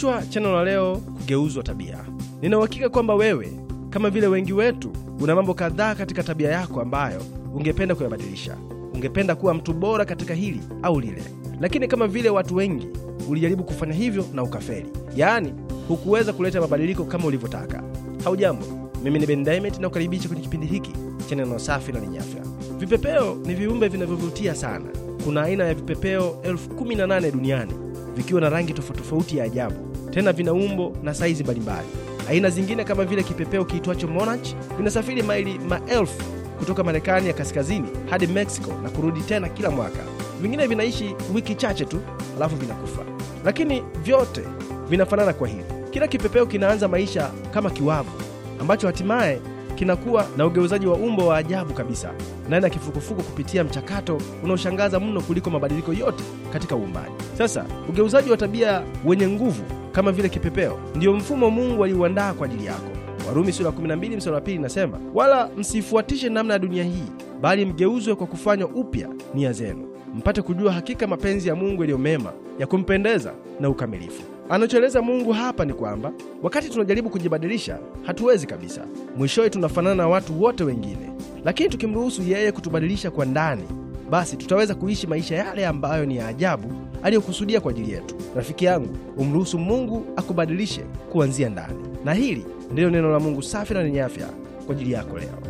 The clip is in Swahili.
Kichwa cha neno la leo, kugeuzwa tabia. Nina uhakika kwamba wewe kama vile wengi wetu, una mambo kadhaa katika tabia yako ambayo ungependa kuyabadilisha. Ungependa kuwa mtu bora katika hili au lile, lakini kama vile watu wengi, ulijaribu kufanya hivyo na ukafeli, yaani hukuweza kuleta mabadiliko kama ulivyotaka. Haujambo, mimi ni Ben Daimet na kukaribisha kwenye kipindi hiki cha neno safi na lenye afya. Vipepeo ni viumbe vinavyovutia sana. Kuna aina ya vipepeo elfu kumi na nane duniani vikiwa na rangi tofauti tofauti ya ajabu tena vina umbo na saizi mbalimbali. Aina zingine kama vile kipepeo kiitwacho monarch vinasafiri maili maelfu kutoka Marekani ya kaskazini hadi Mexico na kurudi tena kila mwaka. Vingine vinaishi wiki chache tu, halafu vinakufa. Lakini vyote vinafanana kwa hili. Kila kipepeo kinaanza maisha kama kiwavu ambacho hatimaye kinakuwa na ugeuzaji wa umbo wa ajabu kabisa ndani ya kifukufuku kupitia mchakato unaoshangaza mno kuliko mabadiliko yote katika uumbaji. Sasa ugeuzaji wa tabia wenye nguvu kama vile kipepeo. Ndiyo mfumo Mungu aliuandaa kwa ajili yako. Warumi sura 12 mstari wa 2 inasema, wala msifuatishe namna ya dunia hii, bali mgeuzwe kwa kufanywa upya nia zenu, mpate kujua hakika mapenzi ya Mungu yaliyo mema, ya kumpendeza na ukamilifu. Anachoeleza Mungu hapa ni kwamba wakati tunajaribu kujibadilisha, hatuwezi kabisa. Mwishowe tunafanana na watu wote wengine, lakini tukimruhusu yeye kutubadilisha kwa ndani, basi tutaweza kuishi maisha yale ambayo ni ya ajabu aliyokusudia kwa ajili yetu. Rafiki yangu, umruhusu Mungu akubadilishe kuanzia ndani, na hili ndilo neno la Mungu safi na lenye afya kwa ajili yako leo.